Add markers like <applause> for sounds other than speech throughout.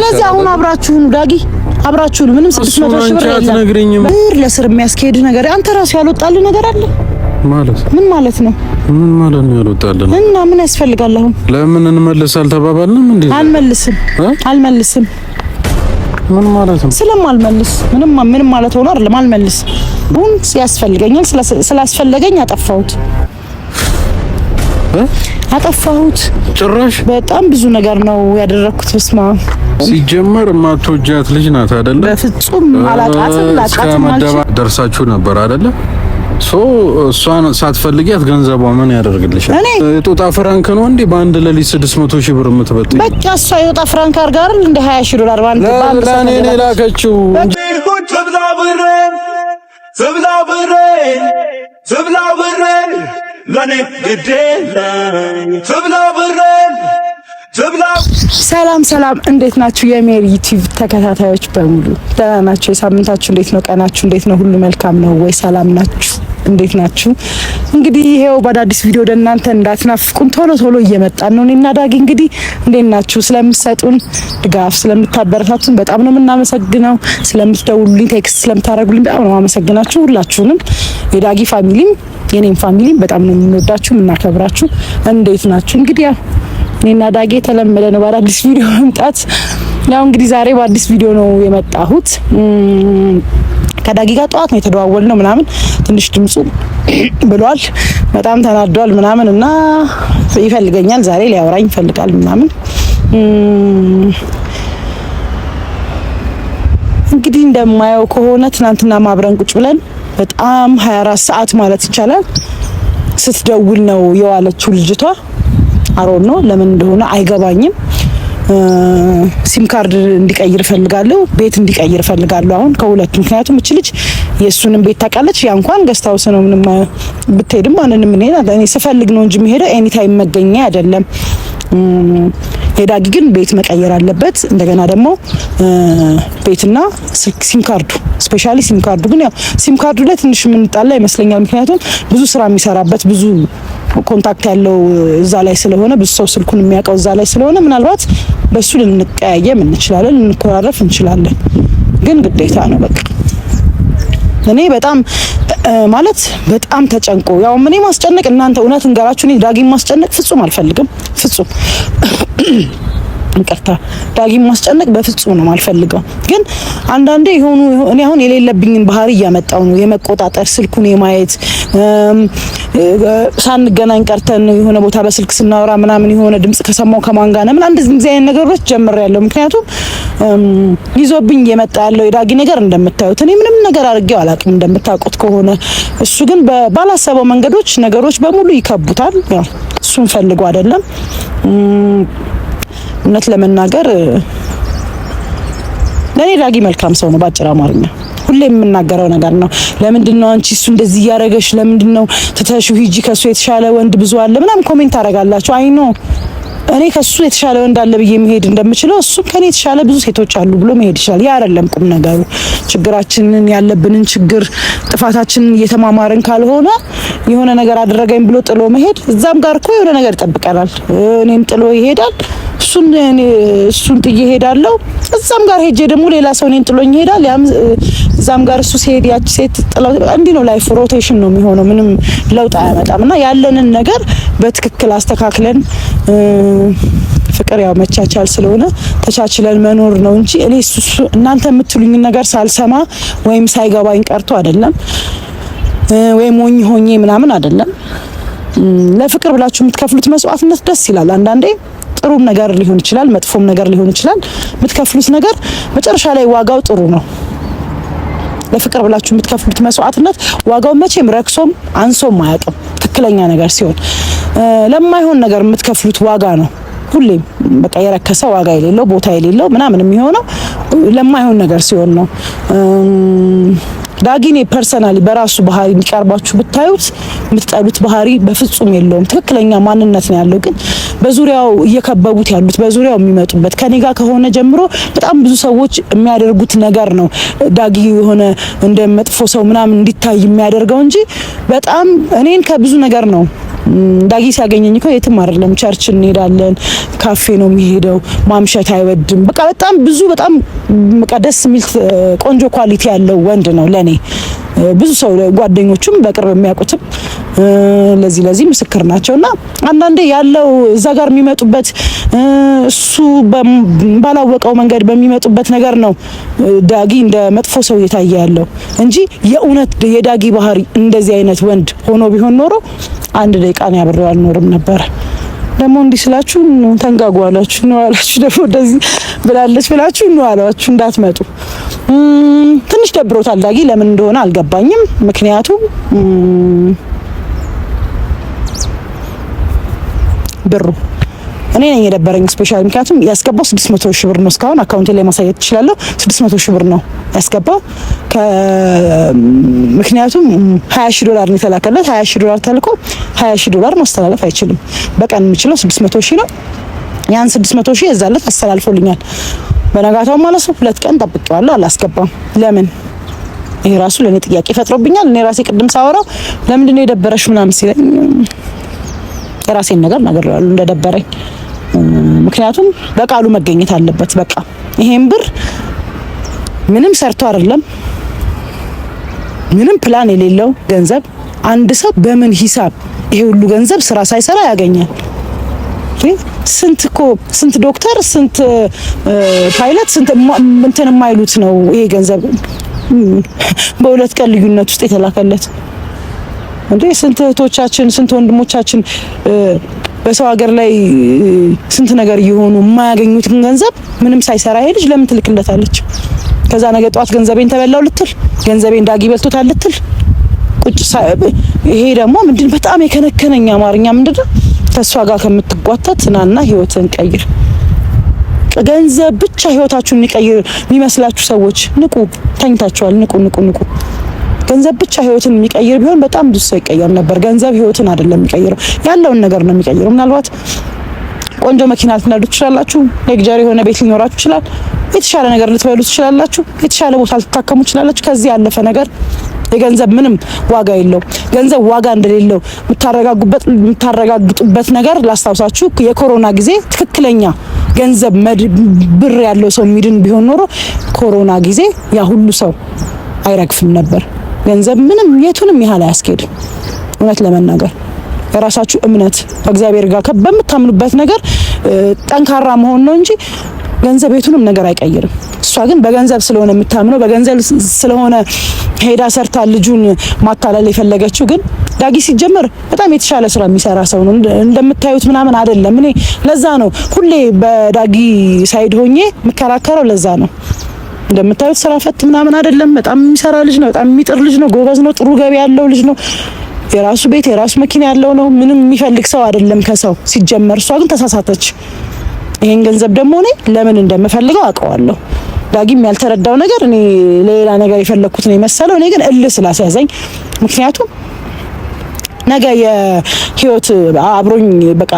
ስለዚህ አሁን አብራችሁን ዳጊ አብራችሁን ምንም ስድስት መቶ ሺህ ብር የለም ብር ለስር የሚያስኬድ ነገር አንተ ራሱ ያልወጣልህ ነገር አለ ማለት ምን ማለት ነው? ምን ማለት ነው ያልወጣልን? እና ምን ያስፈልጋል አሁን? ለምን እንመልስ አልተባባልንም እንዴ? አልመልስም አልመልስም። ምን ማለት ነው? ስለማልመልስ ምንም ምንም ማለት ሆኖ አይደለም። አልመልስ ቡን ያስፈልገኛል። ስላስፈለገኝ አጠፋሁት አጠፋሁት። ጭራሽ በጣም ብዙ ነገር ነው ያደረኩት። በስመ አብ ሲጀመር የማትወጃት ልጅ ናት አይደለ? በፍጹም አላቃትም። ላቃትም ደርሳችሁ ነበር አይደለ? ሶ እሷን ሳትፈልጊያት ገንዘቧ ምን ያደርግልሻል? እኔ የጦጣ ፍራንክ ነው እንዴ በአንድ ሌሊት 600 ሺህ ብር የምትበጥ? በቃ እሷ የጦጣ ፍራንክ አድርጋ አይደል እንደ 20 ሺህ ዶላር ባንድ ባንድ ለኔ ነው ላከችው። ትብላ ብሬ ትብላ ብሬ ትብላ ብሬ ለኔ ግዴ ትብላ ብሬ ሰላም ሰላም፣ እንዴት ናችሁ? የሜሪ ዩቲዩብ ተከታታዮች በሙሉ ደህና ናችሁ? የሳምንታችሁ እንዴት ነው? ቀናችሁ እንዴት ነው? ሁሉ መልካም ነው ወይ? ሰላም ናችሁ? እንዴት ናችሁ? እንግዲህ ይሄው በአዳዲስ ቪዲዮ ወደ እናንተ እንዳትናፍቁን ቶሎ ቶሎ እየመጣን ነው። እኔና ዳጊ እንግዲህ እንዴት ናችሁ? ስለምትሰጡን ድጋፍ ስለምታበረታቱን በጣም ነው የምናመሰግነው። ስለምትደውሉልኝ፣ ቴክስት ስለምታደርጉልኝ በጣም ነው አመሰግናችሁ። ሁላችሁንም የዳጊ ፋሚሊም የኔም ፋሚሊም በጣም ነው የምንወዳችሁ የምናከብራችሁ። እንዴት ናችሁ? እንግዲህ ያው እኔና ዳጌ የተለመደ ነው በአዳዲስ ቪዲዮ መምጣት። ያው እንግዲህ ዛሬ በአዲስ ቪዲዮ ነው የመጣሁት። ከዳጌ ጋር ጠዋት ነው የተደዋወል ነው ምናምን ትንሽ ድምፁ ብሏል፣ በጣም ተናዷል ምናምን እና ይፈልገኛል ዛሬ ሊያወራኝ ይፈልጋል ምናምን እንግዲህ እንደማየው ከሆነ ትናንትና ማብረን ቁጭ ብለን በጣም 24 ሰዓት ማለት ይቻላል ስትደውል ነው የዋለችው ልጅቷ። አሮን ነው። ለምን እንደሆነ አይገባኝም። ሲም ካርድ እንዲቀይር ፈልጋለሁ፣ ቤት እንዲቀይር ፈልጋለሁ። አሁን ከሁለቱ ምክንያቱም እች ልጅ የእሱንም ቤት ታውቃለች። ያ እንኳን ገስታውስ ነው ምንም ብትሄድም ማንንም እኔ ስፈልግ ነው እንጂ የሚሄደው ኤኒታይም መገኛ አይደለም። የዳጊ ግን ቤት መቀየር አለበት። እንደገና ደግሞ ቤትና ሲም ካርዱ ስፔሻሊ ሲም ካርዱ ግን ያው ሲም ካርዱ ላይ ትንሽ የምንጣላ ይመስለኛል። ምክንያቱም ብዙ ስራ የሚሰራበት ብዙ ኮንታክት ያለው እዛ ላይ ስለሆነ ብዙ ሰው ስልኩን የሚያውቀው እዛ ላይ ስለሆነ ምናልባት በሱ ልንቀያየም እንችላለን፣ ልንኮራረፍ እንችላለን። ግን ግዴታ ነው በቃ እኔ በጣም ማለት በጣም ተጨንቆ ያው እኔ ማስጨነቅ እናንተ እውነት እንገራችሁ፣ እኔ ዳጊም ማስጨነቅ ፍጹም አልፈልግም። ፍጹም ይቅርታ፣ ዳጊም ማስጨነቅ በፍጹም ነው አልፈልገው። ግን አንዳንዴ የሆኑ እኔ አሁን የሌለብኝን ባህሪ እያመጣው ነው የመቆጣጠር ስልኩን የማየት ሳንገናኝ ቀርተን የሆነ ቦታ በስልክ ስናወራ ምናምን የሆነ ድምጽ ከሰማው ከማን ጋር ነው ምናምን እንደዚህ አይነት ነገሮች ያለው ምክንያቱም ይዞብኝ የመጣ ያለው የዳጊ ነገር እንደምታዩት እኔ ምንም ነገር አድርጌው አላውቅም እንደምታውቁት ከሆነ እሱ ግን ባላሰበው መንገዶች ነገሮች በሙሉ ይከቡታል። እሱን ፈልጎ አይደለም እውነት ለመናገር ለእኔ ዳጊ መልካም ሰው ነው፣ በአጭር አማርኛ ሁሌ የምናገረው ነገር ነው። ለምንድን ነው አንቺ እሱ እንደዚህ እያደረገሽ ለምንድን ነው ትተሽው ሂጂ፣ ከሱ የተሻለ ወንድ ብዙ አለ ምናምን ኮሜንት ታደርጋላችሁ። አይ ኖ እኔ ከሱ የተሻለ ወንድ አለ ብዬ መሄድ እንደምችለው እሱ ከኔ የተሻለ ብዙ ሴቶች አሉ ብሎ መሄድ ይችላል። ያ አይደለም ቁም ነገሩ። ችግራችንን ያለብንን ችግር ጥፋታችንን እየተማማርን ካልሆነ የሆነ ነገር አደረገኝ ብሎ ጥሎ መሄድ እዛም ጋር እኮ የሆነ ነገር ይጠብቀናል። እኔም ጥሎ ይሄዳል እሱን እኔ እሱን ጥዬ ሄዳለሁ። እዛም ጋር ሄጄ ደግሞ ሌላ ሰው እኔን ጥሎኝ ይሄዳል። ያም እዛም ጋር እሱ ሲሄድ ያቺ ሴት ጥለው እንዲህ ነው ላይፍ ሮቴሽን ነው የሚሆነው። ምንም ለውጥ አያመጣም። እና ያለንን ነገር በትክክል አስተካክለን ፍቅር ያው መቻቻል ስለሆነ ተቻችለን መኖር ነው እንጂ እኔ እሱ እናንተ የምትሉኝ ነገር ሳልሰማ ወይም ሳይገባኝ ቀርቶ አይደለም፣ ወይም ሞኝ ሆኜ ምናምን አይደለም። ለፍቅር ብላችሁ የምትከፍሉት መስዋዕትነት ደስ ይላል አንዳንዴ ጥሩም ነገር ሊሆን ይችላል፣ መጥፎም ነገር ሊሆን ይችላል። የምትከፍሉት ነገር መጨረሻ ላይ ዋጋው ጥሩ ነው። ለፍቅር ብላችሁ የምትከፍሉት መስዋዕትነት ዋጋው መቼም ረክሶም አንሶም አያውቅም። ትክክለኛ ነገር ሲሆን ለማይሆን ነገር የምትከፍሉት ዋጋ ነው ሁሌም በቃ የረከሰ ዋጋ የሌለው ቦታ የሌለው ምናምን የሚሆነው ለማይሆን ነገር ሲሆን ነው። ዳጊኔ ፐርሰናሊ በራሱ ባህሪ እንዲቀርባችሁ ብታዩት የምትጠሉት ባህሪ በፍጹም የለውም። ትክክለኛ ማንነት ነው ያለው ግን በዙሪያው እየከበቡት ያሉት በዙሪያው የሚመጡበት ከኔ ጋር ከሆነ ጀምሮ በጣም ብዙ ሰዎች የሚያደርጉት ነገር ነው ዳጊ የሆነ እንደ መጥፎ ሰው ምናምን እንዲታይ የሚያደርገው እንጂ በጣም እኔን ከብዙ ነገር ነው ዳጊ ሲያገኘኝ እኮ የትም አይደለም፣ ቸርች እንሄዳለን፣ ካፌ ነው የሚሄደው። ማምሸት አይወድም። በቃ በጣም ብዙ በጣም ደስ የሚል ቆንጆ ኳሊቲ ያለው ወንድ ነው ለእኔ። ብዙ ሰው ጓደኞቹም በቅርብ የሚያውቁትም ለዚህ ለዚህ ምስክር ናቸው። እና አንዳንዴ ያለው እዛ ጋር የሚመጡበት እሱ ባላወቀው መንገድ በሚመጡበት ነገር ነው ዳጊ እንደ መጥፎ ሰው እየታየ ያለው እንጂ የእውነት የዳጊ ባህሪ እንደዚህ አይነት ወንድ ሆኖ ቢሆን ኖሮ አንድ ደቂቃ ነው ያብሬው አልኖርም ነበረ። ደግሞ እንዲህ ስላችሁ ተንጋጓላችሁ ነው አላችሁ ደግሞ እንደዚህ ብላለች ብላችሁ ነው እንዳትመጡ ትንሽ ደብሮታል ዳጊ፣ ለምን እንደሆነ አልገባኝም። ምክንያቱም ብሩ እኔ ነኝ የደበረኝ ስፔሻል። ምክንያቱም ያስገባው 600 ሺህ ብር ነው። እስካሁን አካውንቴ ላይ ማሳየት እችላለሁ። 600 ሺህ ብር ነው ያስገባው። ምክንያቱም 20 ሺህ ዶላር ነው የተላከለት። 20 ሺህ ዶላር ተልኮ 20 ሺህ ዶላር ማስተላለፍ አይችልም። በቀን የምችለው 600 ሺህ ነው። ያን 600 ሺህ የዛለት አስተላልፎልኛል። በነጋታው ማለት ነው ሁለት ቀን ጠብቄዋለሁ፣ አላስገባም። ለምን ይሄ ራሱ ለእኔ ጥያቄ ፈጥሮብኛል። እኔ ራሴ ቅድም ሳወራው ለምንድን ነው የደበረሽ ምናምን ሲለኝ የራሴን ነገር ነገር እንደደበረኝ ምክንያቱም በቃሉ መገኘት አለበት። በቃ ይሄን ብር ምንም ሰርቶ አይደለም ምንም ፕላን የሌለው ገንዘብ አንድ ሰው በምን ሂሳብ ይሄ ሁሉ ገንዘብ ስራ ሳይሰራ ያገኛል? ስንት እኮ ስንት ዶክተር ስንት ፓይለት ስንት እንትን የማይሉት ነው ይሄ ገንዘብ በሁለት ቀን ልዩነት ውስጥ የተላከለት እንዴ! ስንት እህቶቻችን ስንት ወንድሞቻችን በሰው ሀገር ላይ ስንት ነገር እየሆኑ የማያገኙትን ገንዘብ ምንም ሳይሰራ ይሄ ልጅ ለምን ትልክለታለች? ከዛ ነገ ጠዋት ገንዘቤን ተበላው ልትል፣ ገንዘቤን ዳጊ በልቶታል ልትል ቁጭ ይሄ ደግሞ ምንድን በጣም የከነከነኝ አማርኛ ምንድን ነው ከእሷ ጋር ከምትጓተት ትናና ህይወትን ቀይር። ገንዘብ ብቻ ህይወታችሁን የሚቀይር የሚመስላችሁ ሰዎች ንቁ፣ ተኝታችኋል። ንቁ፣ ንቁ፣ ንቁ። ገንዘብ ብቻ ህይወትን የሚቀይር ቢሆን በጣም ብዙ ሰው ይቀየር ነበር። ገንዘብ ህይወትን አይደለም የሚቀይረው፣ ያለውን ነገር ነው የሚቀይረው። ምናልባት ቆንጆ መኪና ልትነዱ ትችላላችሁ። ለግጀር የሆነ ቤት ሊኖራችሁ ይችላል። የተሻለ ነገር ልትበሉ ትችላላችሁ። የተሻለ ቦታ ልትታከሙ ትችላላችሁ። ከዚህ ያለፈ ነገር የገንዘብ ምንም ዋጋ የለው። ገንዘብ ዋጋ እንደሌለው የምታረጋጉበት የምታረጋግጡበት ነገር ላስታውሳችሁ፣ የኮሮና ጊዜ ትክክለኛ ገንዘብ ብር ያለው ሰው የሚድን ቢሆን ኖሮ ኮሮና ጊዜ ያ ሁሉ ሰው አይረግፍም ነበር። ገንዘብ ምንም የቱንም ያህል አያስኬድም። እውነት ለመናገር የራሳችሁ እምነት ከእግዚአብሔር ጋር በምታምኑበት ነገር ጠንካራ መሆን ነው እንጂ ገንዘብ የቱንም ነገር አይቀይርም። እሷ ግን በገንዘብ ስለሆነ የምታምነው በገንዘብ ስለሆነ ሄዳ ሰርታ ልጁን ማታለል የፈለገችው ግን ዳጊ ሲጀመር በጣም የተሻለ ስራ የሚሰራ ሰው ነው እንደምታዩት ምናምን አይደለም። እኔ ለዛ ነው ሁሌ በዳጊ ሳይድ ሆኜ የምከራከረው። ለዛ ነው እንደምታዩት ስራ ፈት ምናምን አይደለም። በጣም የሚሰራ ልጅ ነው። በጣም የሚጥር ልጅ ነው። ጎበዝ ነው። ጥሩ ገቢ ያለው ልጅ ነው። የራሱ ቤት የራሱ መኪና ያለው ነው። ምንም የሚፈልግ ሰው አይደለም ከሰው ሲጀመር። እሷ ግን ተሳሳተች። ይሄን ገንዘብ ደግሞ እኔ ለምን እንደምፈልገው አውቀዋለሁ። ዳጊም ያልተረዳው ነገር እኔ ሌላ ነገር የፈለኩት ነው የመሰለው። እኔ ግን እልህ ስላስያዘኝ ምክንያቱም ነገ የህይወት አብሮኝ በቃ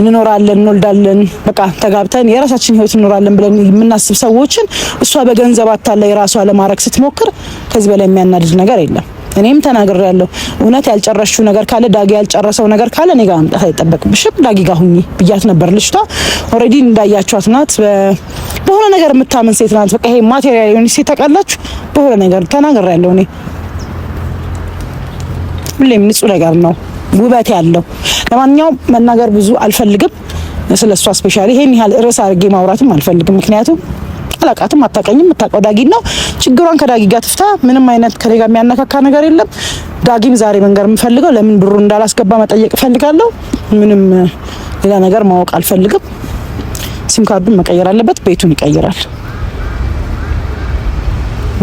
እንኖራለን እንወልዳለን፣ በቃ ተጋብተን የራሳችን ህይወት እንኖራለን ብለን የምናስብ ሰዎችን እሷ በገንዘብ አታላ የራሷ ለማድረግ ስትሞክር ከዚህ በላይ የሚያናድድ ነገር የለም። እኔም ያለው እውነት ያልጨረሽው ነገር ካለ ዳጊ ያልጨረሰው ነገር ካለ እኔ ጋር መምጣት አይጠበቅብሽም፣ ዳጊ ጋር ሁኚ ብያት ነበር። ልጅቷ ኦልሬዲ እንዳያቸዋት ናት፣ በሆነ ነገር የምታምን ሴት ናት። በቃ ይሄ ማቴሪያል የሆነ ሴት ታውቃላችሁ። በሆነ ነገር ያለው እኔ ሁሌም ንጹህ ነገር ነው ውበት ያለው። ለማንኛውም መናገር ብዙ አልፈልግም ስለ እሷ ስፔሻሊ፣ ይሄን ያህል ርዕስ አድርጌ ማውራትም አልፈልግም። ምክንያቱም አላቃትም፣ አታቀኝም፣ የምታውቀው ዳጊ ነው። ችግሯን ከዳጊ ጋር ትፍታ። ምንም አይነት ከሌጋ የሚያነካካ ነገር የለም። ዳጊም ዛሬ መንገር የምፈልገው ለምን ብሩ እንዳላስገባ መጠየቅ እፈልጋለሁ። ምንም ሌላ ነገር ማወቅ አልፈልግም። ሲም ካርዱን መቀየር አለበት። ቤቱን ይቀይራል።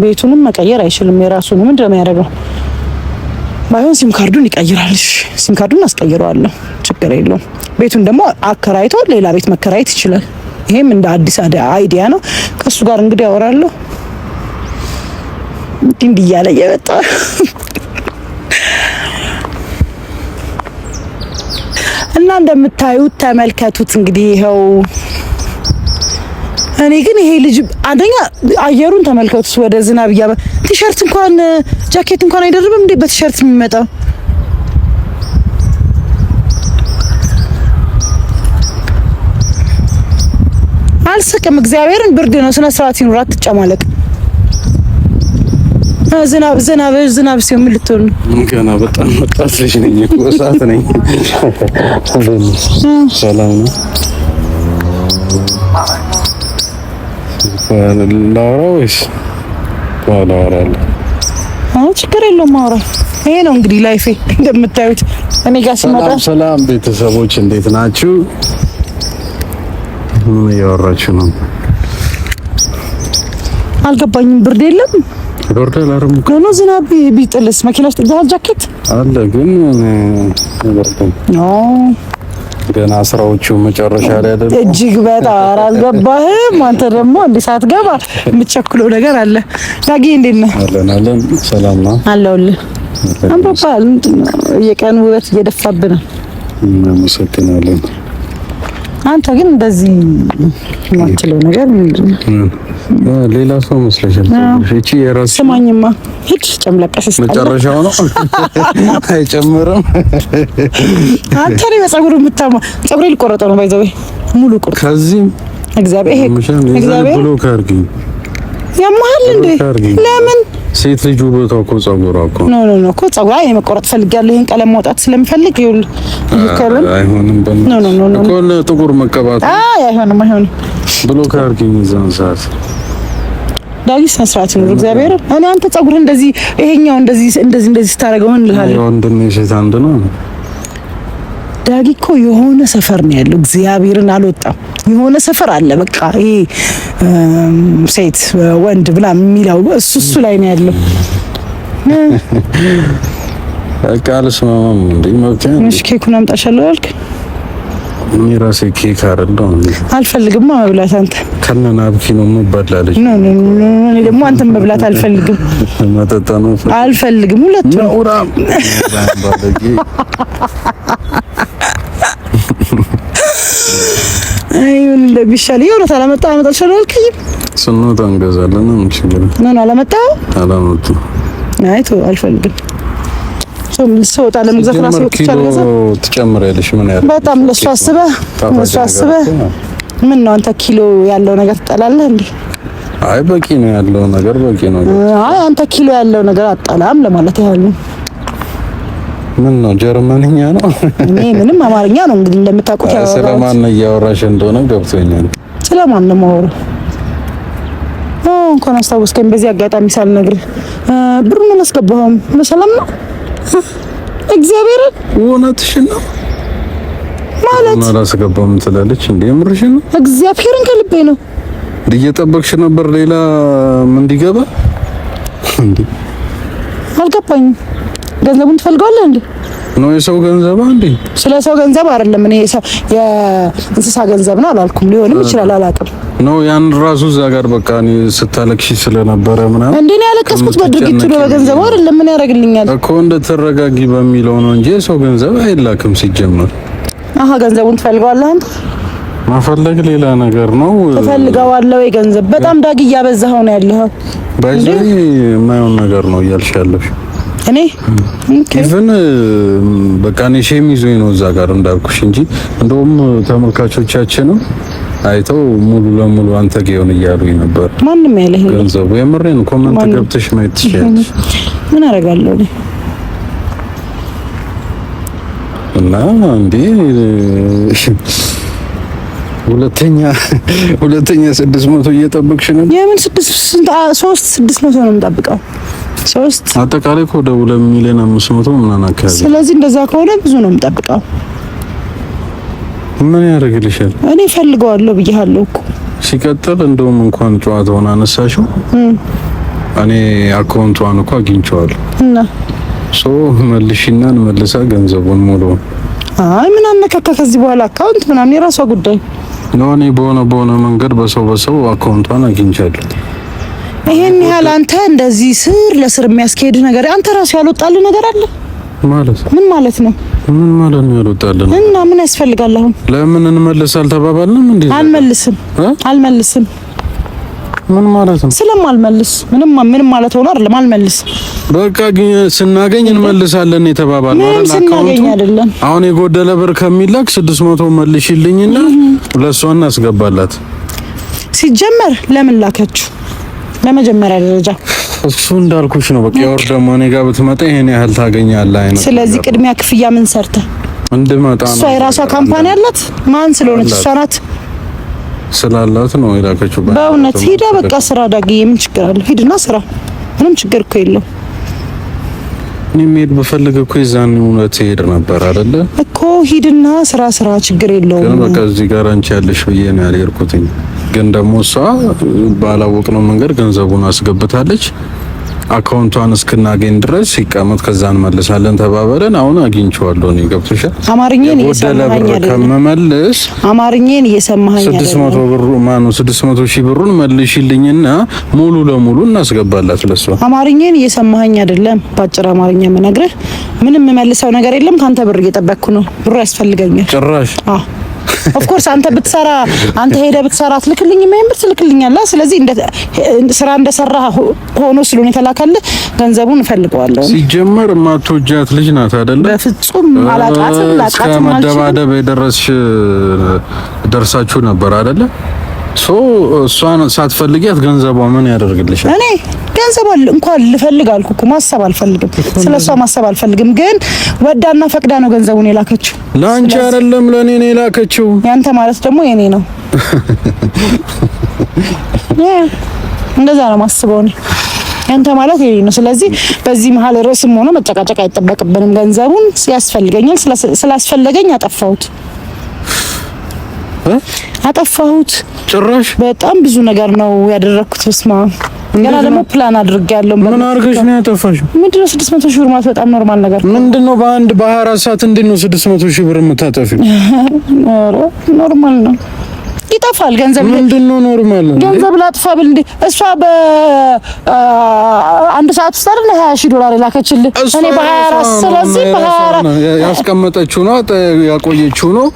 ቤቱንም መቀየር አይችልም። የራሱ ነው። ምንድነው ነው ባይሆን ሲም ካርዱን ይቀይራል። ሲም ካርዱን አስቀይረዋለሁ። ችግር የለውም። ቤቱን ደግሞ አከራይቶ ሌላ ቤት መከራየት ይችላል። ይሄም እንደ አዲስ አይዲያ ነው። ከሱ ጋር እንግዲህ ያወራለሁ። ድንብ እያለ እየመጣ እና እንደምታዩት ተመልከቱት። እንግዲህ ይኸው እኔ ግን ይሄ ልጅ አንደኛ አየሩን ተመልከቱት። ወደ ዝናብ እያበ ቲሸርት እንኳን ጃኬት እንኳን አይደርብም እንዴ በቲሸርት የሚመጣው አልሰቀም። እግዚአብሔርን ብርድ ነው። ስነ ስርዓት ይኑር። ዝናብ ዝናብ ዝናብ ሲሆን ምን ልትሆን ነው? ገና በጣም ወጣት ልጅ ነኝ እኮ ሰዓት ነኝ። ሰላም ነው። ላውራ ወይስ አላወራለሁ? አሁን ችግር የለውም አውራ። ይሄ ነው እንግዲህ ላይፌ እንደምታዩት እኔ ጋር ሲመጣ። ሰላም ቤተሰቦች እንዴት ናችሁ? ምን እያወራችሁ ነው? አልገባኝም። ብርድ የለም ይወርዳል። አረሙ ከሆነ ዝናብ ቢጥልስ መኪና ውስጥ ጃኬት አለ ግን ገና ስራዎቹ መጨረሻ ላይ አይደለም። እጅግ በጣም አልገባህም። አንተ ደግሞ እንዲህ ሳትገባ የምትቸኩለው ነገር አለ። ዳጊ እንዴት ነህ? አለን አለን። ሰላም ነው አለሁልህ። አንባባል የቀን ውበት እየደፋብን ነው። እናመሰግናለን። አንተ ግን እንደዚህ የማትችለው ነገር ምንድን ነው? ሌላ ሰው መስለሻል። እቺ የራስ ስማኝማ ሂድ መጨረሻው ነው። <laughs> አይጨምርም። አንተ ነው በፀጉሩ የምታማ ፀጉሬ ነው። ባይዘው ሙሉ ቁርጥ እግዚአብሔር እግዚአብሔር ብሎ ካርጊ እንዴ ለምን ሴት ልጅ ውበቷ እኮ ጸጉሯ እኮ ኖ ኖ ኖ እኮ ጸጉሯ አይ መቆረጥ እፈልጋለሁ። ይሄን ቀለም ማውጣት ስለምፈልግ ይሁን ይከረም አይሆንም። በል ኖ ኖ ኖ እኮ ለጥቁር መቀባት አይ አይሆንም፣ አይሆንም ብሎ ካርኪኝ እዛን ሰዓት ዳጊ ስነ ስርዓት ነው። እግዚአብሔር እኔ አንተ ጸጉር እንደዚህ ይሄኛው እንደዚህ እንደዚህ እንደዚህ ስታደርገው እንልሃለሁ። ወንድም የሴት አንድ ነው። ዳጊ እኮ የሆነ ሰፈር ነው ያለው። እግዚአብሔርን አልወጣም። የሆነ ሰፈር አለ። በቃ ይሄ ሴት ወንድ ብላ የሚለው እሱ እሱ ላይ ነው ያለው። በቃ አልስማማም። እንዴ መብት ነሽ። ኬኩን አምጣሻለሁ አልክ። እኔ ራሴ ኬክ አይደለም አልፈልግም መብላት። አንተ ከነ ኖ ኖ ኖ፣ እኔ ደግሞ አንተን መብላት አልፈልግም። መጠጣ ነው አልፈልግም። ሁለቱም <laughs> አይሁን እንደሚሻል ይወራታ አላመጣ አመጣልሻለሁ አልከኝም። ስንወጣ እንገዛለን። ምን ችግር ምን አላመጣው አላመጡ አይቶ አልፈልግም። ስወጣ ለመግዛት ራሴ ወጥቼ አልገዛም። ትጨምሪያለሽ። ምን ያህል በጣም ለእሱ አስበህ ለእሱ አስበህ ምን ነው አንተ ኪሎ ያለው ነገር ትጠላለህ እንዴ? አይ በቂ ነው ያለው ነገር በቂ ነው። አይ አንተ ኪሎ ያለው ነገር አጠላም ለማለት ያህል ነው። ምን ነው ጀርመንኛ ነው? እኔ ምንም አማርኛ ነው። እንግዲህ እንደምታውቁት ያው ስለማን ነው እያወራሽ እንደሆነ ገብቶኛል። ስለማን ነው የማወራው? እንኳን አስታወስከኝ። በዚህ አጋጣሚ ሳልነግርህ ብሩ ምን አስገባኸውም? ሰላም ነው እግዚአብሔር እውነትሽን ነው ማለት ነው። አላስገባም ትላለች እንዴ? ምርሽን ነው? እግዚአብሔርን ከልቤ ነው። እየጠበቅሽ ነበር ሌላ ምን እንዲገባ እንዴ? አልገባኝም ገንዘቡን ትፈልገዋለህ እንዴ? ነው የሰው ገንዘብ እንዴ? ስለ ሰው ገንዘብ አይደለም። እኔ የሰው የእንስሳ ገንዘብ ነው አላልኩም። ሊሆንም ይችላል አላውቅም። ነው ያን ራሱ እዛ ጋር በቃ እኔ ስለነበረ ምናምን እንዴ ነው ያለቀስኩት። በድርጊቱ ነው በገንዘቡ አይደለም። ምን ያደርግልኛል እኮ እንደተረጋጊ በሚለው ነው እንጂ የሰው ገንዘብ አይላክም ሲጀመር። አሃ ገንዘቡን ትፈልገዋለህ አንተ መፈለግ ሌላ ነገር ነው። ወይ ገንዘብ በጣም ዳግ እያበዛኸው ነው ያለኸው። ባይዘይ የማይሆን ነገር ነው እያልሽ ያለሽ እኔ ኢቨን በቃ እኔ ሼም ይዞኝ ነው እዛ ጋር እንዳልኩሽ እንጂ እንደውም ተመልካቾቻችንም አይተው ሙሉ ለሙሉ አንተ ጌውን ይሆን እያሉኝ ነበር። ማንም ያለኝ ገንዘቡ የምሬን ኮመንት ገብተሽ ማየት ትችያለሽ። ምን አደርጋለሁ እኔ እና እንዴ ሁለተኛ ሁለተኛ ስድስት መቶ እየጠበቅሽ ነው። የምን ስድስት ሶስት ስድስት መቶ ነው የምጠብቀው ሶስት አጠቃላይ እኮ ወደ ሁለት ሚሊዮን አምስት መቶ ምናምን አካባቢ። ስለዚህ እንደዛ ከሆነ ብዙ ነው የምጠብቀው። ምን ያደርግልሻል? እኔ ፈልገዋለሁ ብያለሁ እኮ። ሲቀጥል እንደውም እንኳን ጨዋታውን አነሳሽው፣ እኔ አካውንቷን እኮ አግኝቼዋለሁ እና ሶ መልሽናን መልሳ ገንዘቡን ሙሉ። አይ ምን አነካካ ከዚህ በኋላ አካውንት ምናምን የራሷ ጉዳይ ነው። እኔ በሆነ በሆነ መንገድ በሰው በሰው አካውንቷን አግኝቻለሁ። ይሄን ያህል አንተ እንደዚህ ስር ለስር የሚያስኬድ ነገር አንተ ራሱ ያልወጣልህ ነገር አለ ማለት ምን ማለት ነው? ምን ማለት ነው ያልወጣልህ እና ምን ያስፈልጋል አሁን? ለምን እንመልስ አልተባባልንም እንዴ? አልመልስም አልመልስም። ምን ማለት ነው? ስለማልመልስ ምንም ምንም ማለት ሆኖ አይደለም። አልመልስ በቃ ግን ስናገኝ እንመልሳለን የተባባልነው አይደል? ስናገኝ አይደለም። አሁን የጎደለ ብር ከሚላክ 600 መልሽልኝና ለሷ እናስገባላት። ሲጀመር ለምን ላከችው? በመጀመሪያ ደረጃ እሱ እንዳልኩሽ ነው። በቃ የወር ደሞ እኔ ጋር ብትመጣ ይሄን ያህል ታገኛለህ አይነት። ስለዚህ ቅድሚያ ክፍያ ምን ሰርተ እንድመጣ ነው። እሷ የራሷ ካምፓኒ አላት። ማን ስለሆነች እሷ ናት ስላላት ነው የላከችው። በእውነት ሂዳ በቃ ስራ ዳግዬ፣ ምን ችግር አለ? ሂድና ስራ፣ ምንም ችግር እኮ የለውም። እኔ መሄድ ብፈልግ እኮ የዛን እውነት ሄድ ነበር አይደለ እኮ ሂድና ስራ ስራ፣ ችግር የለውም። ግን በቃ እዚህ ጋር አንቺ ያለሽ ብዬ ነው ያልሄድኩትኝ ግን ደግሞ እሷ ባላወቅነው መንገድ ገንዘቡን አስገብታለች። አካውንቷን እስክናገኝ ድረስ ይቀመጥ፣ ከዛ እንመልሳለን ተባበለን። አሁን አግኝቼዋለሁ ነው። ገብቶሻል? አማርኛን እየሰማኸኝ አይደለም? ከመመለስ አማርኛን እየሰማኸኝ አይደለም? 600 ብሩ ማኑ 600 ሺህ ብሩን መልሽልኝና ሙሉ ለሙሉ እናስገባላት ለሷ። አማርኛን እየሰማኸኝ አይደለም? ባጭር አማርኛ መነግረህ ምንም መልሰው ነገር የለም። ካንተ ብር እየጠበቅኩ ነው። ብሩ ያስፈልገኛል። ጭራሽ አዎ ኦፍኮርስ አንተ ብትሰራ አንተ ሄደህ ብትሰራ ትልክልኝ ምን ትልክልኛለህ። ስለዚህ ስራ እንደሰራ ሆኖ ስለሆነ የተላከልህ ገንዘቡን እፈልገዋለሁ። ሲጀመር ማትወጃት ልጅ ናት አይደለ? በፍጹም አላቃትም። ላቃት መደባደብ የደረስሽ ደርሳችሁ ነበር አይደለ? ሶ እሷን ሳትፈልጊያት ገንዘቧ ምን ያደርግልሻል? እኔ ገንዘብ እንኳን ልፈልግ አልኩ እኮ ማሰብ አልፈልግም፣ ስለሷ ማሰብ አልፈልግም። ግን ወዳና ፈቅዳ ነው ገንዘቡን የላከችው። ለአንቺ አይደለም ለኔ ነው የላከችው። ያንተ ማለት ደግሞ የኔ ነው። እንደዛ ነው ማስበው ነው ያንተ ማለት ይሄ ነው። ስለዚህ በዚህ መሀል ርዕስም ሆነ መጨቃጨቅ አይጠበቅብንም። ገንዘቡን ያስፈልገኛል። ስላስፈለገኝ አጠፋሁት አጠፋሁት። ጭራሽ በጣም ብዙ ነገር ነው ያደረኩት። ስማ ገና ደግሞ ፕላን አድርግ ያለው ምን አድርገሽ ነው ያጠፋሽው? ምንድነው 600 ሺህ ብር ማለት በጣም ኖርማል ነገር ምንድነው? በአንድ በ24 ሰዓት እንዴት ነው 600 ሺህ ብር የምታጠፊው? ኖርማል ነው ይጠፋል ገንዘብ። ምንድነው ኖርማል ነው ገንዘብ ላጥፋ ብል እንዴ? እሷ በአንድ ሰዓት ውስጥ አይደል 20 ሺህ ዶላር የላከችልህ እኔ በ24 ስለዚህ በ24 ያስቀመጠችው ነው ያቆየችው ነው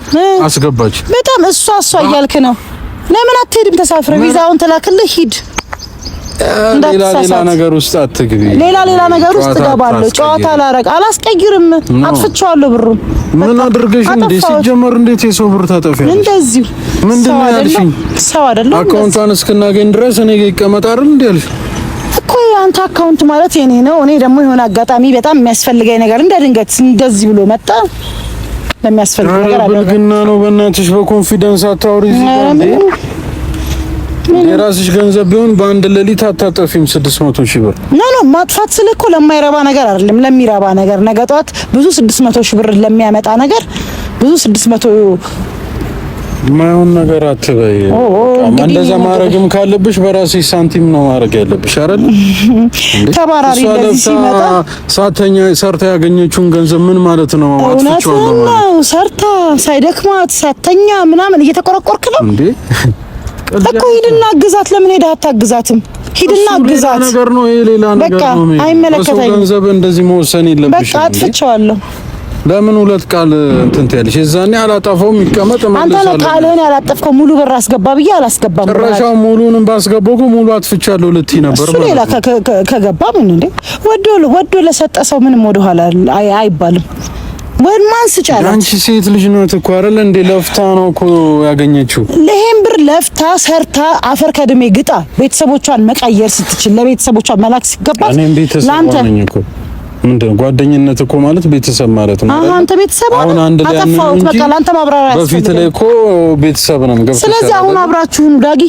አስገባች። በጣም እሷ እሷ እያልክ ነው። ለምን አትሄድም? ተሳፍረ ቪዛውን ተላክልህ ሂድ ሌላ ሌላ ነገር ውስጥ አትግቢ። ሌላ ሌላ ነገር ውስጥ እገባለሁ። ጨዋታ ላረግ አላስቀይርም። አጥፍቼዋለሁ። ብሩ ምን አድርገሽ እንዴ? ሲጀመር እንዴት የሰው ብር ታጠፊያለሽ? እንደዚሁ ምንድን ነው ያልሽኝ? ሰው አይደለም። አካውንቷን እስክናገኝ ድረስ እኔ ይቀመጥ አይደል እንዴ ያልሽ እኮ አንተ አካውንት ማለት የኔ ነው። እኔ ደግሞ የሆነ አጋጣሚ በጣም የሚያስፈልገኝ ነገር እንደ ድንገት እንደዚህ ብሎ መጣ ለሚያስፈልግ ነገር አለ። ብልግና ነው። በእናትሽ በኮንፊደንስ አታውሪ። እዚህ ጋር የራስሽ ገንዘብ ቢሆን በአንድ ሌሊት አታጠፊም 600 ሺህ ብር። ኖ ኖ ማጥፋት ስል እኮ ለማይረባ ነገር አይደለም፣ ለሚረባ ነገር ነገ ጠዋት ብዙ 600 ሺህ ብር ለሚያመጣ ነገር ብዙ 600 ማይሆን ነገር አትበይ። እንደዛ ማድረግም ካለብሽ በራስሽ ሳንቲም ነው ማድረግ ያለብሽ አይደል? ተባራሪ እንደዚህ ሲመጣ ሳተኛ ሰርታ ያገኘችውን ገንዘብ ምን ማለት ነው? እውነቱን ነው። ሰርታ ሳይደክማት ሳተኛ ምናምን እየተቆረቆርክ ነው እንዴ? እኮ ሂድና አግዛት። ለምን ሄደህ አታግዛትም? ሂድና አግዛት። ነገር ነው ይሄ ሌላ ነገር ነው። በቃ አይመለከተኝም። ገንዘብ እንደዚህ መወሰን የለብሽ። በቃ አጥፍቼዋለሁ። ለምን ሁለት ቃል እንትን ትያለሽ? የዛኔ አላጠፋውም ይቀመጥ ማለት አንተ ነው ቃልህን ያላጠፍከው። ሙሉ ብር አስገባ ብዬ አላስገባም። ጭራሻው ሙሉንም ባስገባው ሙሉ አጥፍቻለሁ ልትይ ነበር ማለት ነው። ሌላ ከገባ ምን እንዴ? ወዶ ወዶ ለሰጠ ሰው ምንም ወደኋላ አይባልም። ወን ማን ስጫለች? አንቺ ሴት ልጅ ነው ተቋረለ እንዴ? ለፍታ ነው እኮ ያገኘችው። ለሄን ብር ለፍታ ሰርታ አፈር ከድሜ ግጣ ቤተሰቦቿን መቀየር ስትችል ለቤተሰቦቿ መላክ ሲገባት ላንተ ምንድን ነው ጓደኝነት እኮ ማለት ቤተሰብ ማለት ነው። አሁን አንተ ቤተሰብ አሁን አንድ ላይ በፊት ላይ እኮ ቤተሰብ ነው። ስለዚህ አሁን አብራችሁም ዳጊ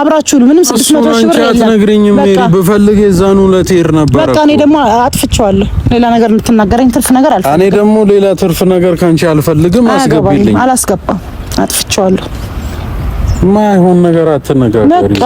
አብራችሁ ምንም ስድስት መቶ ሺህ ብር ነግረኝም ሜሪ ብፈልግ የዛኑ ለቴር ነበር። በቃ እኔ ደግሞ አጥፍቼዋለሁ። ሌላ ነገር የምትናገረኝ ትርፍ ነገር አልፈልግም። እኔ ደግሞ ሌላ ትርፍ ነገር ካንቺ አልፈልግም። አስገብልኝ። አላስገባም። አጥፍቼዋለሁ። ማይሆን ነገር አትነጋገሪ።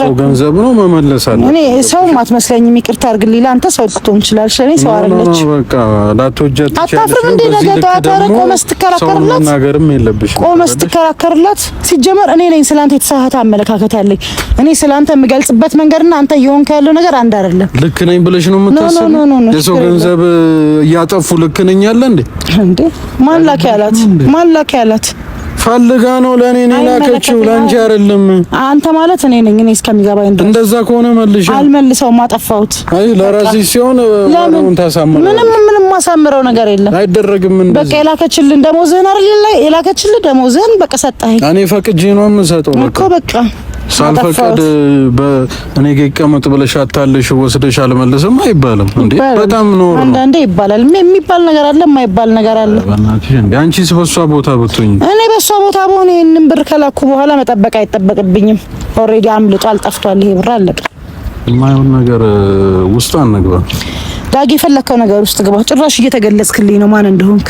ሰው ገንዘብ ነው መመለስ አለ። እኔ ሰው አትመስለኝም። ይቅርታ አድርግልኝ። ለአንተ ሰው ልትሆን ይችላል፣ እኔ ሰው አይደለች። በቃ ላትወጃት አታፍርም እንዴ? ነገ ጠዋት ኧረ ቆመህ ስትከራከርላት መናገርም የለብሽ ቆመህ ስትከራከርላት ሲጀመር እኔ ነኝ ስላንተ የተሳሳተ አመለካከት ያለኝ። እኔ ስላንተ የምገልጽበት መንገድና አንተ እየሆንክ ያለው ነገር አንድ አይደለም። ልክ ነኝ ብለሽ ነው የምታስበው? የሰው ገንዘብ እያጠፉ ልክ ነኝ ያለ እንዴ? እንዴ ማን ላኪ ያላት? ማን ላኪ ያላት? ፈልጋ ነው ለኔ ነው ላከችው፣ ለአንቺ አይደለም። አንተ ማለት እኔ ነኝ። እኔ እስከሚገባኝ ድረስ እንደዛ ከሆነ መልሽ። አልመልሰውም፣ አጠፋሁት። አይ ለራሴ ሲሆን ምንም ምንም ማሳምረው ነገር የለም፣ አይደረግም። እንዴ? በቃ የላከችልን ደሞዝህን አይደል? የላከችልን ደሞዝህን በቃ ሰጣኝ። እኔ ፈቅጄ ነው የምሰጠው እኮ በቃ ሳልፈቀድ በእኔ ጋር ይቀመጥ ብለሽ አታለሽ ወስደሽ አልመልስም አይባልም እንዴ? በጣም ኖር ነው። አንዳንዴ ይባላል። የሚባል ነገር አለ፣ የማይባል ነገር አለ። በእናትሽ እንዴ! አንቺስ በሷ ቦታ ብትሆኚ? እኔ በሷ ቦታ ብሆን ይሄንን ብር ከላኩ በኋላ መጠበቅ አይጠበቅብኝም። ኦልሬዲ አምልጧል፣ ጠፍቷል። ይሄ ብር አለቀ። የማይሆን ነገር ውስጥ አንግባ። ዳግ የፈለከው ነገር ውስጥ ግባ። ጭራሽ እየተገለጽክልኝ ነው ማን እንደሆንክ።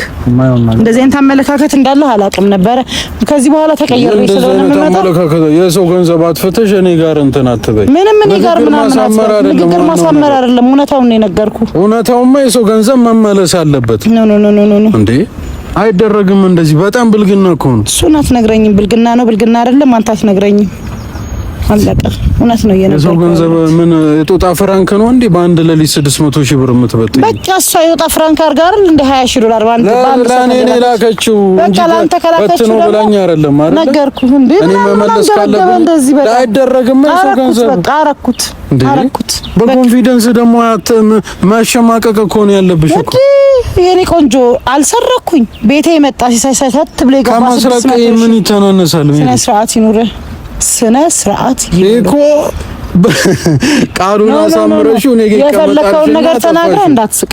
እንደዚህ አይነት አመለካከት እንዳለ አላውቅም ነበረ። ከዚህ በኋላ ተቀየረ ስለሆነ የምመጣው የሰው ገንዘብ አትፈተሽ እኔ ጋር እንትን አትበይ። ምንም እኔ ጋር ምናምን ንግግር ማሳመር አይደለም። እውነታውን ነው የነገርኩ። እውነታውማ የሰው ገንዘብ መመለስ አለበት። ኖ ኖ ኖ ኖ እንዴ አይደረግም እንደዚህ። በጣም ብልግና እኮ ነው። እሱን አትነግረኝም። ብልግና ነው ብልግና አይደለም። አንተ አትነግረኝም አለቀ። እውነት ነው። የሰው ገንዘብ ምን የጦጣ ፍራንክ ነው እንዴ? በአንድ ሌሊት 600 ሺህ ብር የምትበጥኝ በቃ እሷ የጦጣ ፍራንክ አድርጋ አይደል እንደ 20 ሺህ ዶላር ባንድ ባንድ ሰው ነው የላከችው እንጂ በትኖ ብላኝ አይደለም አይደል? ነገርኩህ እንዴ እኔ መመለስ ካለብኝ እንደዚህ በቃ አይደረግም። የሰው ገንዘብ በቃ አረኩት አረኩት። በኮንፊደንስ ደግሞ አትም ማሸማቀቅ እኮ ነው ያለብሽ እኮ የኔ ቆንጆ አልሰረኩኝ። ቤቴ የመጣ ሲሳይ ሳይሳት ብሎ የገባ ከማስረቅ ምን ይተናነሳል? ስነ ስርዓት ይኑርህ። ስነ ስርዓት ይኮ ቃሉን አሳምረሽ እኔ ጋር የፈለከውን ነገር ተናግረ እንዳትስቅ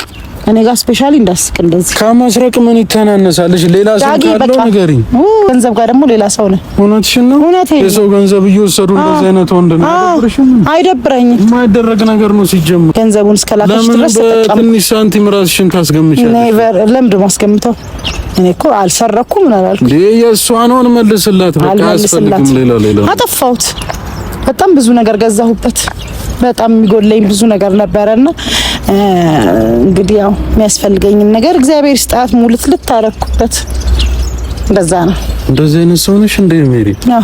እኔ ጋር ስፔሻሊ እንዳስቅ። እንደዚህ ከመስረቅ ምን ይተናነሳለሽ? ሌላ ሰው ካለው ንገሪኝ። ገንዘብ ጋር ደግሞ ሌላ ሰው ነው። እውነትሽን ነው። የሰው ገንዘብ እየወሰዱ እንደዚህ አይነት ወንድ ነው። አይደብረኝም። የማይደረግ ነገር ነው ሲጀምር። ገንዘቡን እስከላከሽ ድረስ ትንሽ ሳንቲም ራስሽን ታስገምቻለሽ። ለምንድን ነው የማስገምተው? እኔ እኮ አልሰረኩም ምን አላልኩም። የእሷን ሆን መልስላት። በቃ አያስፈልግም። ሌላ ሌላ አጠፋሁት። በጣም ብዙ ነገር ገዛሁበት። በጣም የሚጎለኝ ብዙ ነገር ነበረና እንግዲህ ያው የሚያስፈልገኝን ነገር እግዚአብሔር ይስጣት። ሙልት ልታረኩበት በዛ ነው። እንደዚህ አይነት ሰው ነሽ እንደ ሜሪ? አዎ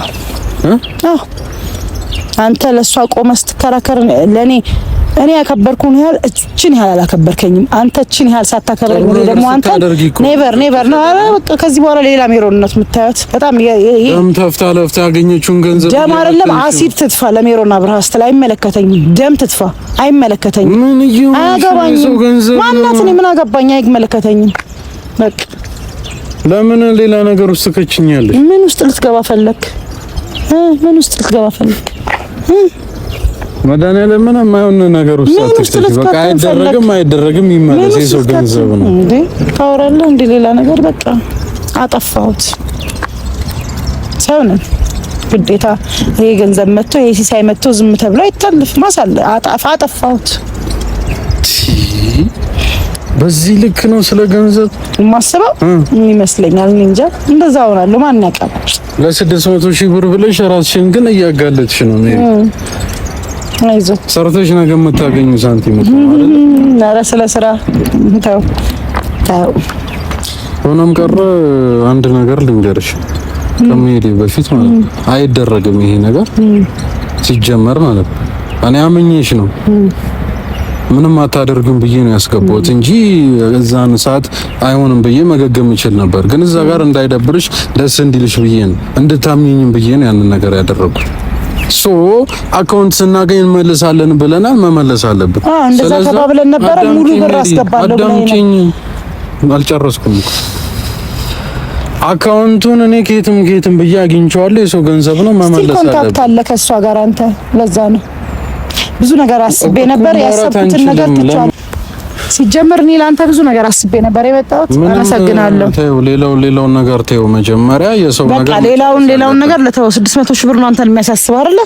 አዎ። አንተ ለእሷ ቆመ ስትከራከር ለእኔ እኔ ያከበርኩን ያህል እችን ያህል አላከበርከኝም። አንተ እችን ያህል ሳታከብረኝ ነው ደግሞ አንተ ኔቨር ኔቨር ነው። አረ በቃ ከዚህ በኋላ ሌላ ሜሮንነት የምታዩት በጣም ደም ተፍታ ለፍታ ያገኘችውን ገንዘብ ደም አይደለም አሲድ ትጥፋ። ለሜሮና አብረሃ ስትል አይመለከተኝም። ደም ትጥፋ፣ አይመለከተኝም፣ አያገባኝም። ማናት እኔ ምን አገባኝ? አይመለከተኝም በቃ ለምን ሌላ ነገር ውስጥ ከችኛለሽ? ምን ውስጥ ልትገባ ፈለክ? ምን ውስጥ ልትገባ ፈለክ? መድኃኒዓለም ምን የማይሆን ነገር ውስጥ አትክተሽ። በቃ አይደረግም፣ አይደረግም ይመለስ። የሰው ገንዘብ ነው እንዴ? ታወራለህ እንዴ? ሌላ ነገር በቃ አጠፋሁት። ሰው ነን ግዴታ። ይሄ ገንዘብ መጥቶ ይሄ ሲሳይ መጥቶ ዝም ተብሎ አይታለፍም። ማሳለ አጠፋ አጠፋሁት። በዚህ ልክ ነው ስለ ገንዘብ የማስበው ይመስለኛል። እንጃ እንደዛ ሆናለሁ። ማን ያውቃል? ለ600 ሺህ ብር ብለሽ ራስሽን ግን እያጋለጥሽ ነው። ሰርተሽ ነገ የምታገኙ ሳንቲም ኧረ ስለ ስራ ተው ተው። ሆኖም ቀረ አንድ ነገር ልንገርሽ ከመሄዴ በፊት ማለት አይደረግም ይሄ ነገር ሲጀመር ማለት እኔ አምኜሽ ነው ምንም አታደርግም ብዬ ነው ያስገባሁት እንጂ እዛን ሰዓት አይሆንም ብዬ መገገም ይችል ነበር። ግን እዛ ጋር እንዳይደብርሽ ደስ እንዲልሽ ብዬ ነው እንድታምኚኝም ብዬ ነው ያንን ነገር ያደረጉት። ሶ አካውንት ስናገኝ እንመለሳለን ብለናል፣ መመለስ አለብን። እንደዛ ተባብለን ነበረ። ሙሉ ብር አስገባለሁ። አዳምጪኝ፣ አልጨረስኩም። አካውንቱን እኔ ከየትም ከየትም ብዬ አግኝቼዋለሁ። የሰው ገንዘብ ነው፣ መመለስ አለብን። ኮንታክት አለ ከእሷ ጋር አንተ። ለዛ ነው ብዙ ነገር አስቤ ነበር። ያሰብኩትን ነገር ትቻለሁ። ሲጀመር እኔ ለአንተ ብዙ ነገር አስቤ ነበር የመጣሁት። አመሰግናለሁ። ሌላው ሌላውን ነገር ተይው፣ መጀመሪያ የሰው ነገር በቃ ሌላውን ሌላውን ነገር ለተው። 600 ሺህ ብር ነው አንተን የሚያሳስበው አይደለ?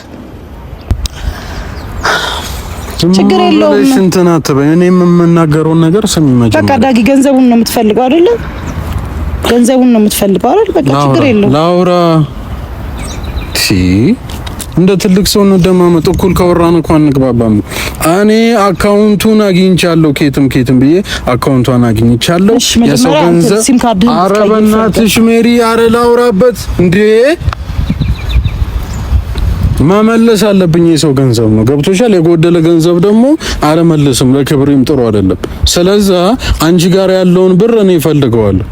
ችግር የለውም። እንትን አትበይ። እኔ የምናገረውን ነገር ስሚ። መጀመሪያ በቃ ዳጊ ገንዘቡን ነው የምትፈልገው አይደለ? ገንዘቡን ነው የምትፈልገው አይደል? በቃ ችግር የለውም። ላውራ ቲ እንደ ትልቅ ሰው እንደማመጥ እኩል ከወራን እንኳን እንግባባም። እኔ አካውንቱን አግኝቻለሁ፣ ኬትም ኬትም ብዬ አካውንቷን አግኝቻለሁ። የሰው ገንዘብ ኧረ በእናትሽ ሜሪ፣ ኧረ ላውራበት እንዴ! መመለስ አለብኝ። የሰው ገንዘብ ነው ገብቶሻል። የጎደለ ገንዘብ ደግሞ አለመልስም፣ ለክብሬም ጥሩ አይደለም። ስለዛ አንቺ ጋር ያለውን ብር እኔ እፈልገዋለሁ።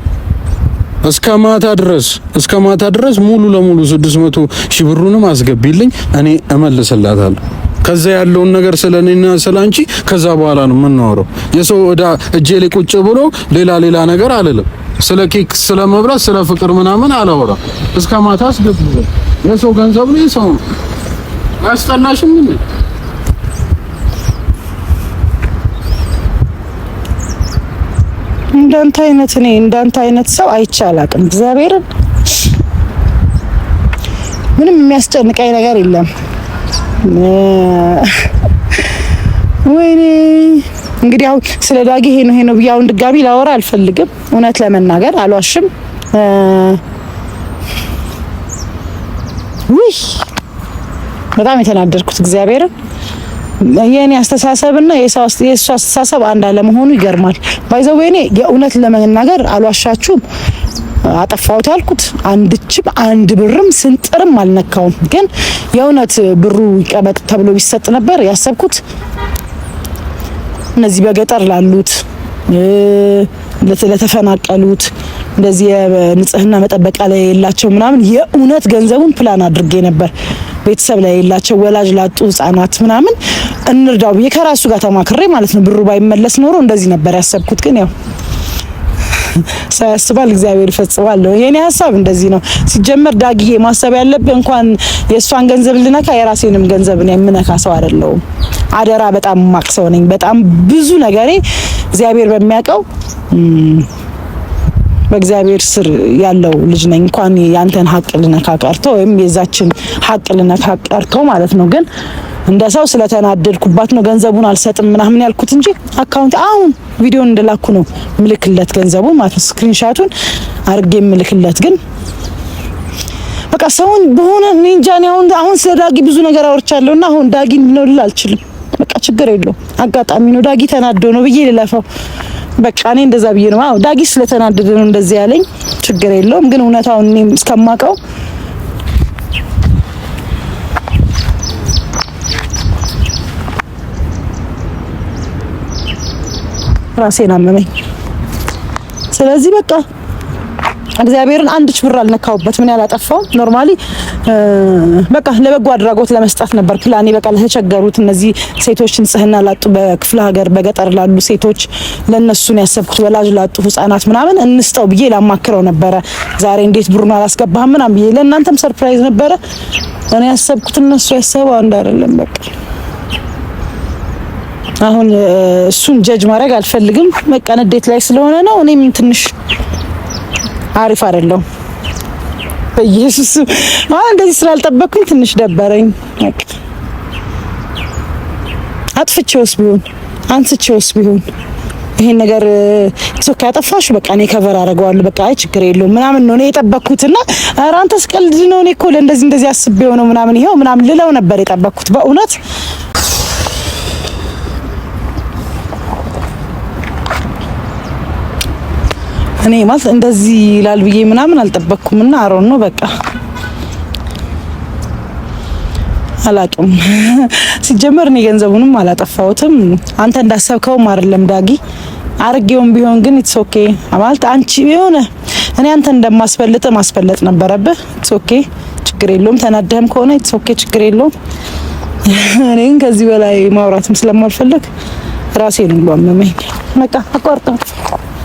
እስከ ማታ ድረስ እስከ ማታ ድረስ ሙሉ ለሙሉ 600 ሺህ ብሩንም አስገቢልኝ፣ እኔ እመልስላታለሁ። ከዛ ያለውን ነገር ስለኔና ስለአንቺ ከዛ በኋላ ነው የምናወራው። የሰው እዳ እጄ ላይ ቁጭ ብሎ ሌላ ሌላ ነገር አልልም። ስለ ኬክ፣ ስለ መብራት፣ ስለ ፍቅር ምናምን አላወራ። እስከ ማታ አስገቢልኝ። የሰው ገንዘብ ነው የሰው ነው። አያስጠላሽም? እንዳንተ አይነት እኔ እንዳንተ አይነት ሰው አይቼ አላውቅም። እግዚአብሔርን ምንም የሚያስጨንቀኝ ነገር የለም። ወይኔ እንግዲህ አሁን ስለ ዳጊ ይሄ ነው ይሄ ነው ብዬ አሁን ድጋሚ ላወራ አልፈልግም። እውነት ለመናገር አልዋሽም። ውይ በጣም የተናደድኩት እግዚአብሔርን የእኔ አስተሳሰብና የእሱ አስተሳሰብ አንድ አለመሆኑ ይገርማል። ባይዘው እኔ የእውነት ለመናገር አልዋሻችሁም፣ አጠፋሁት ያልኩት አንድችም አንድ ብርም ስንጥርም አልነካውም። ግን የእውነት ብሩ ይቀመጥ ተብሎ ቢሰጥ ነበር ያሰብኩት እነዚህ በገጠር ላሉት ለተፈናቀሉት እንደዚህ የንጽህና መጠበቂያ ላይ የላቸው ምናምን የእውነት ገንዘቡን ፕላን አድርጌ ነበር ቤተሰብ ላይ የላቸው ወላጅ ላጡ ህጻናት ምናምን እንርዳው ብዬ ከራሱ ጋር ተማክሬ ማለት ነው። ብሩ ባይመለስ ኖሮ እንደዚህ ነበር ያሰብኩት። ግን ያው ሰው ያስባል፣ እግዚአብሔር ይፈጽማል። የኔ ሀሳብ እንደዚህ ነው። ሲጀመር ዳግዬ ማሰብ ያለብህ እንኳን የእሷን ገንዘብ ልነካ የራሴንም ገንዘብ ነው የምነካ ሰው አይደለሁም። አደራ በጣም ማቅ ሰው ነኝ። በጣም ብዙ ነገሬ እግዚአብሔር በሚያውቀው በእግዚአብሔር ስር ያለው ልጅ ነኝ። እንኳን ያንተን ሀቅ ልነካ ቀርቶ ወይም የዛችን ሀቅ ልነካ ቀርቶ ማለት ነው። ግን እንደ ሰው ስለተናደድኩባት ነው ገንዘቡን አልሰጥም ምናምን ያልኩት እንጂ አካውንት አሁን ቪዲዮን እንደላኩ ነው ምልክለት ገንዘቡን ማለት ነው። ስክሪንሻቱን አርጌ ምልክለት ግን በቃ ሰውን በሆነ እንጃ። አሁን አሁን ስለ ዳጊ ብዙ ነገር አወርቻለሁ እና አሁን ዳጊ ነው ልል አልችልም። በቃ ችግር የለው አጋጣሚ ነው ዳጊ ተናዶ ነው ብዬ ልለፈው በቃ እኔ እንደዛ ብዬ ነው። አዎ ዳጊ ስለተናደደ ነው እንደዚህ ያለኝ። ችግር የለውም ግን እውነታውን እኔም እስከማውቀው ራሴን አመመኝ። ስለዚህ በቃ እግዚአብሔርን አንድ ችብር አልነካውበት ምን ያላጠፋው ኖርማሊ በቃ ለበጎ አድራጎት ለመስጠት ነበር ፕላኔ። በቃ ለተቸገሩት እነዚህ ሴቶች ንጽህና ላጡ በክፍለ ሀገር በገጠር ላሉ ሴቶች ለነሱን ያሰብኩት ወላጅ ላጡ ህጻናት ምናምን እንስጠው ብዬ ላማክረው ነበረ። ዛሬ እንዴት ብሩን አላስገባህም ምናምን ብዬ ለእናንተም ሰርፕራይዝ ነበረ። እኔ ያሰብኩት እነሱ ያሰበው አንድ አይደለም። በቃ አሁን እሱን ጀጅ ማድረግ አልፈልግም። በቃ ንዴት ላይ ስለሆነ ነው። እኔም ትንሽ አሪፍ አይደለሁም። በኢየሱስ አሁን እንደዚህ ስላልጠበቅኩኝ ትንሽ ደበረኝ። አጥፍቼውስ ቢሆን አንስቼውስ ቢሆን ይሄን ነገር ሶካ ያጠፋሽ በቃ እኔ ከቨር አደርገዋለሁ በቃ አይ ችግር የለውም ምናምን ነው እኔ የጠበቅኩትና፣ ኧረ አንተስ ቀልድ ነው እኔ እኮ ለእንደዚህ እንደዚህ አስቤው ነው ምናምን ይሄው ምናምን ልለው ነበር የጠበኩት በእውነት እኔ ማለት እንደዚህ ይላል ብዬ ምናምን አልጠበቅኩም። እና አሮን ነው በቃ አላቅም። <laughs> ሲጀመር እኔ ገንዘቡንም አላጠፋሁትም። አንተ እንዳሰብከውም አይደለም ዳጊ አርጌውም ቢሆን ግን ኢትስ ኦኬ ማለት አንቺ የሆነ እኔ አንተ እንደማስፈልጥ ማስፈለጥ ነበረብህ። ኢትስ ኦኬ ችግር የለውም። ተናደህም ከሆነ ኢትስ ኦኬ ችግር የለውም። <laughs> እኔ ከዚህ በላይ ማውራትም ስለማልፈልግ ራሴ ነው ባመመኝ በቃ አቋርጠው።